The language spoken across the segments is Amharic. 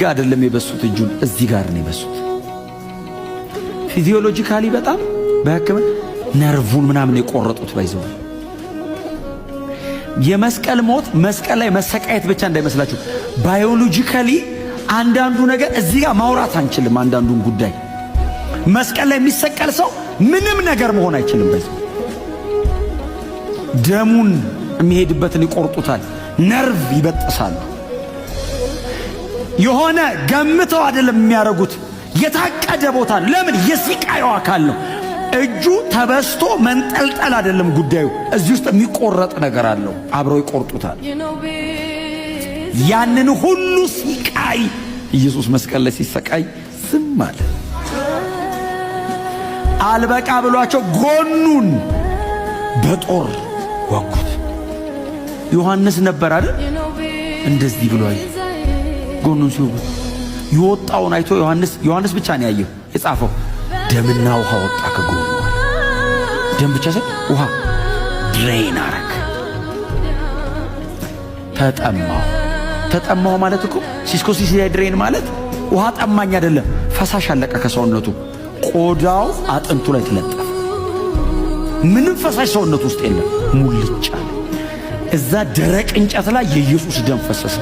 ጋር አይደለም የበሱት፣ እጁን እዚህ ጋር ነው የበሱት። ፊዚዮሎጂካሊ በጣም በሕክምና ነርቡን ምናምን የቆረጡት ባይዘው የመስቀል ሞት መስቀል ላይ መሰቃየት ብቻ እንዳይመስላችሁ። ባዮሎጂካሊ አንዳንዱ ነገር እዚህ ጋር ማውራት አንችልም። አንዳንዱን ጉዳይ መስቀል ላይ የሚሰቀል ሰው ምንም ነገር መሆን አይችልም። በዚህ ደሙን የሚሄድበትን ይቆርጡታል፣ ነርቭ ይበጥሳሉ። የሆነ ገምተው አይደለም የሚያደርጉት፣ የታቀደ ቦታ ለምን? የስቃዩ አካል ነው። እጁ ተበስቶ መንጠልጠል አይደለም ጉዳዩ። እዚህ ውስጥ የሚቆረጥ ነገር አለው። አብረው ይቆርጡታል። ያንን ሁሉ ሲቃይ ኢየሱስ መስቀል ላይ ሲሰቃይ ዝም አለ። አልበቃ ብሏቸው ጎኑን በጦር ወጉት። ዮሐንስ ነበር አይደል? እንደዚህ ብሏል። ጎኑን ሲወጉ የወጣውን አይቶ ዮሐንስ ዮሐንስ ብቻ ነው ያየው የጻፈው ደምና ውሃ ወጣ ከጎኑ ደም ብቻ ሳይሆን ውሃ ድሬን አረግ ተጠማው ተጠማው ማለት እኮ ሲስኮ ሲሲያ ድሬን ማለት ውሃ ጠማኝ አይደለም ፈሳሽ አለቀ ከሰውነቱ ቆዳው አጥንቱ ላይ ተለጠፈ ምንም ፈሳሽ ሰውነቱ ውስጥ የለም ሙልጫ እዛ ደረቅ እንጨት ላይ የኢየሱስ ደም ፈሰሰ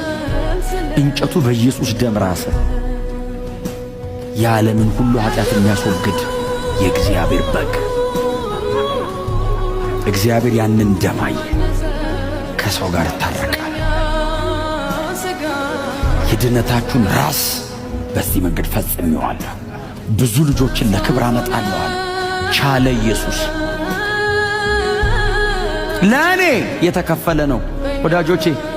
እንጨቱ በኢየሱስ ደም ራሰ። የዓለምን ሁሉ ኃጢአት የሚያስወግድ የእግዚአብሔር በግ። እግዚአብሔር ያንን ደም አየ፣ ከሰው ጋር ይታረቃል። የድነታችሁን ራስ በዚህ መንገድ ፈጽሜዋለሁ፣ ብዙ ልጆችን ለክብር አመጣለዋል ቻለ ኢየሱስ። ለእኔ የተከፈለ ነው ወዳጆቼ።